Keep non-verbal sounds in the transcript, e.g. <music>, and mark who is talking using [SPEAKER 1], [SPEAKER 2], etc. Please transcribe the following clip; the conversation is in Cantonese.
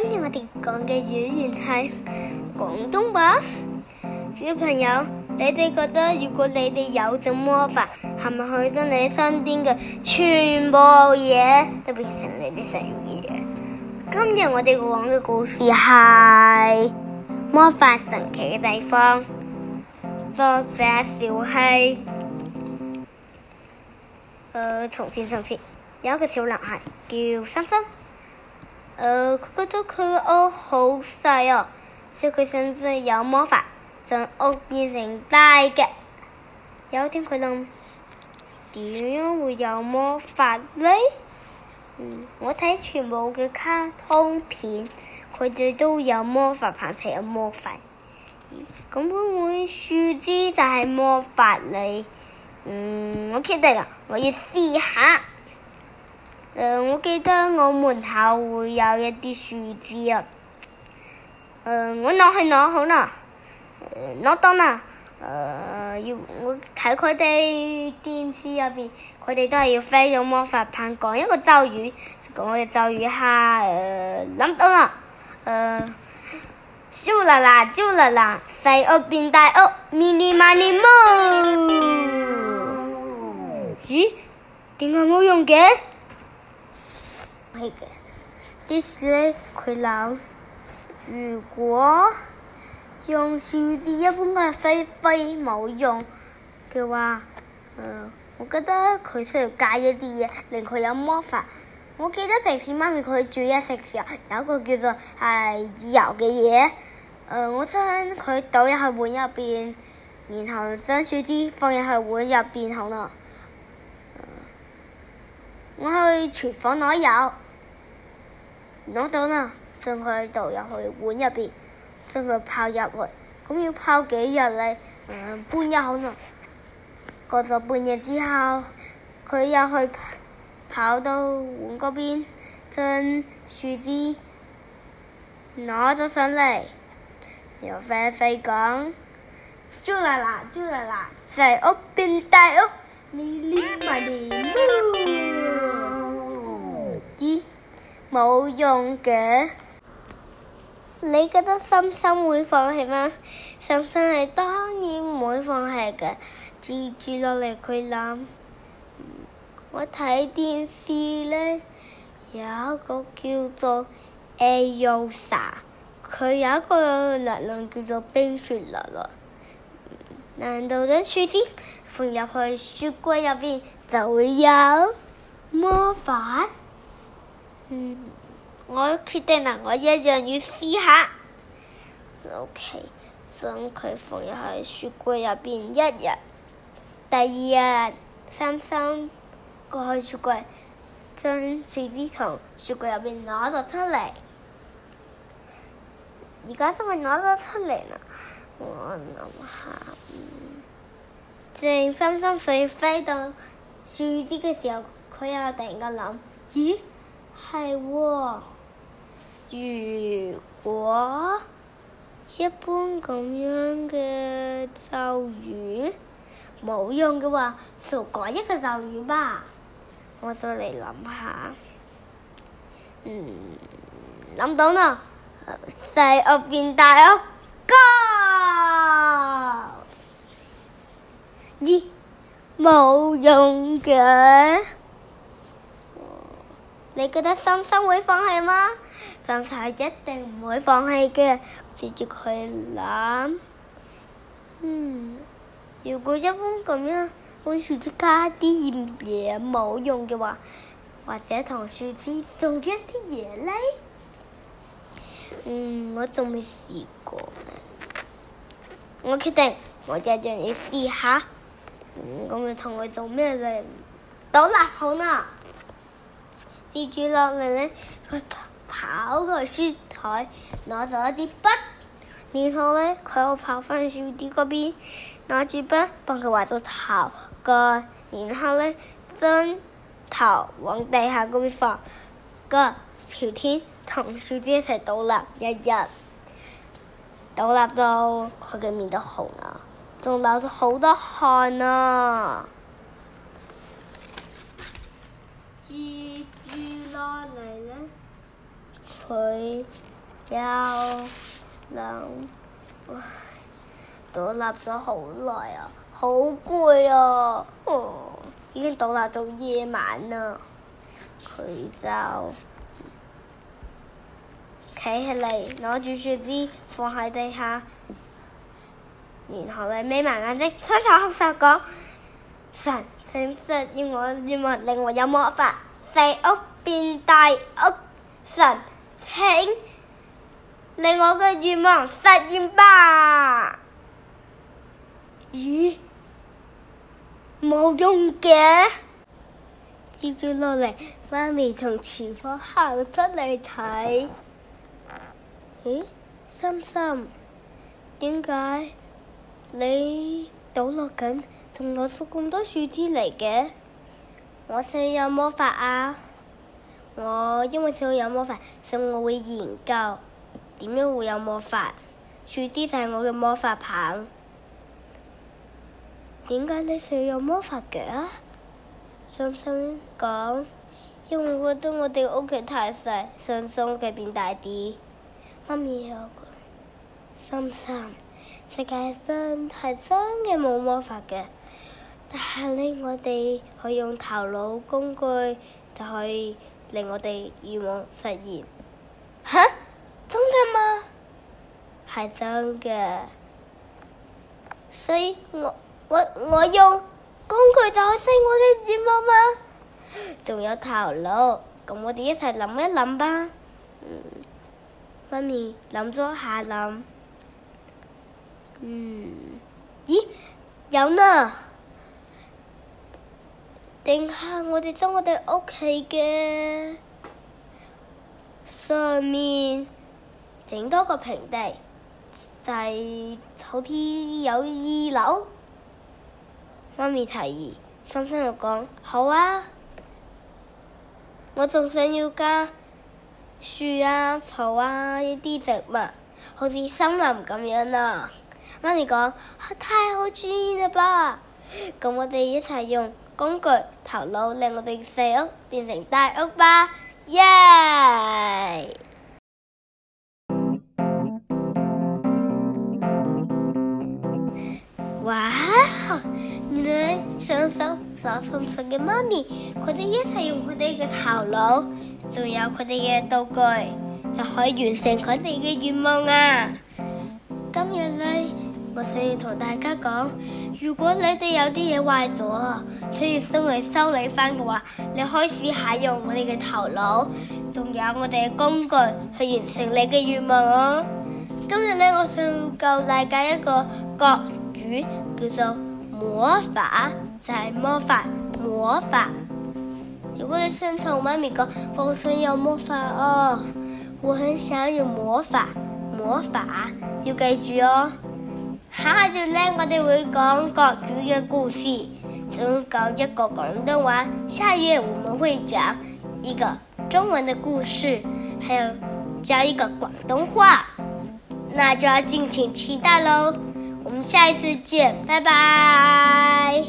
[SPEAKER 1] 今日我哋講嘅語言係廣東話。小朋友，你哋覺得如果你哋有種魔法，係咪可以將你身邊嘅全部嘢都變成你哋想要嘅嘢？今日我哋講嘅故事係魔法神奇嘅地方，作者小希。誒，從前從前，有一個小男孩叫三三。誒，佢、呃、覺得佢個屋好細哦，所以佢想知有魔法將屋變成大嘅。有天佢諗，點樣會有魔法呢？嗯，我睇全部嘅卡通片，佢哋都有魔法棒，就有魔法。咁會唔會樹枝就係魔法呢？嗯，我決定啦，我要試下。呃、我記得我門口會有一啲樹枝啊。我攞去攞好啦，攞到啦。我睇佢哋電視入邊，佢哋都係要飛用魔法棒講一個咒語。講我嘅咒語係諗、呃、到啦，誒、呃，招啦啦，招啦啦，細屋變大屋，迷你曼尼貓。咦？點解冇用嘅？係嘅，啲事咧佢諗。如果用樹枝一般都係飛飛冇用嘅話，我覺得佢需要戒一啲嘢，令佢有魔法。我記得平時媽咪佢煮嘢食時候有一個叫做係油嘅嘢、啊。我將佢倒入去碗入邊，然後將樹枝放入去碗入邊好嗱、啊，我去廚房攞油。攞走啦，將佢倒入去碗入邊，將佢泡入去，咁要泡幾日咧？嗯，半日好啦。過咗半日之後，佢又去跑，跑到碗嗰邊，將樹枝攞咗上嚟。又飛飛講：豬啦啦，豬啦啦，細屋變大屋，咪拎埋嚟攞。 <music> <music> <music> <music> 冇用嘅，你覺得心心會放棄嗎？心心係當然唔會放棄嘅，住住落嚟佢諗。我睇電視咧，有一個叫做艾尤莎，佢有一個力量叫做冰雪力量。難道將雪天放入去雪櫃入邊，就會有魔法？嗯，我決定啦，我一樣要試下。OK，將佢放入去雪櫃入邊一日。第二日，三三過去雪櫃，將樹枝從雪櫃入邊攞咗出嚟。而家點解攞咗出嚟呢？我諗下，嗯，正三三想飛，飛到樹枝嘅時候，佢又突然間諗，咦？係喎，如果一般咁樣嘅咒語冇用嘅話，就改一個咒語吧。我再嚟諗下，嗯，諗到啦，細屋變大屋，Go，咦，冇用嘅。你覺得森森會放棄嗎？森森係一定唔會放棄嘅，直接去佢諗。嗯，如果一般咁樣，用樹枝加啲鹽嘢冇用嘅話，或者同樹枝做一啲嘢咧？嗯，我仲未試過。我決定我試一樣要試下。咁你同佢做咩咧？倒立好啦。跌住落嚟呢，佢跑過書台攞咗支筆，然後呢，佢又跑翻書碟嗰邊，攞住筆幫佢畫咗頭嘅，然後呢，將頭往地下嗰邊放嘅，條天同小芝一齊倒立，日日倒立到佢嘅面都紅啊，仲流咗好多汗啊！日落嚟咧，佢又諗倒立咗好耐啊，好攰啊，哦，已經倒立到夜晚啦。佢就企起嚟，攞住樹枝放喺地下，然後咧眯埋眼睛，雙手合十講：神請，請神要我，要我令我有魔法。細屋變大屋，神，請令我嘅願望實現吧。咦，冇用嘅。接住落嚟，媽咪從廚房行出嚟睇。 <laughs> 咦，心心，點解你倒落緊，同我捉咁多樹枝嚟嘅？我想要有魔法啊！我因為想要有魔法，所以我會研究點樣會有魔法。最多就係我嘅魔法棒。點解你想要有魔法嘅啊？心心講，因為我覺得我哋屋企太細，想將佢變大啲。媽咪又講，心心，世界上係真嘅冇魔法嘅。但係呢，我哋可以用頭腦、工具，就可以令我哋願望實現。吓？真㗎嗎？係真嘅。所以我我我用工具就可以實現我哋願望嗎？仲有頭腦，咁我哋一齊諗一諗吧。媽咪諗咗下諗。嗯。咦？有呢。整下我哋將我哋屋企嘅上面整多個平地，就係好似有二樓。媽咪提議，心心又講好啊！我仲想要加樹啊、草啊一啲植物，好似森林咁樣啊！媽咪講，啊，太好主意啦吧？咁我哋一齊用。工具、頭腦令我哋細屋變成大屋吧！耶！哇！呢想想想想想嘅媽咪，佢哋一齊用佢哋嘅頭腦，仲有佢哋嘅道具，就可以完成佢哋嘅願望啊！今日呢？我想要同大家講，如果你哋有啲嘢壞咗，所以想要將嚟修理返嘅話，你開始使用我哋嘅頭腦，仲有我哋嘅工具去完成你嘅願望咯，哦。今日呢，我想要教大家一個國語叫做魔法，就係、是、魔法，魔法。如果你想同媽咪講，我想要魔法哦，我很想有魔法，魔法要記住哦。下日呢，我哋會講國語嘅故事，仲教一個廣東話。下一月我們會講一個中文嘅故事，還有教一個廣東話。那就要敬請期待咯。我們下一次見，拜拜。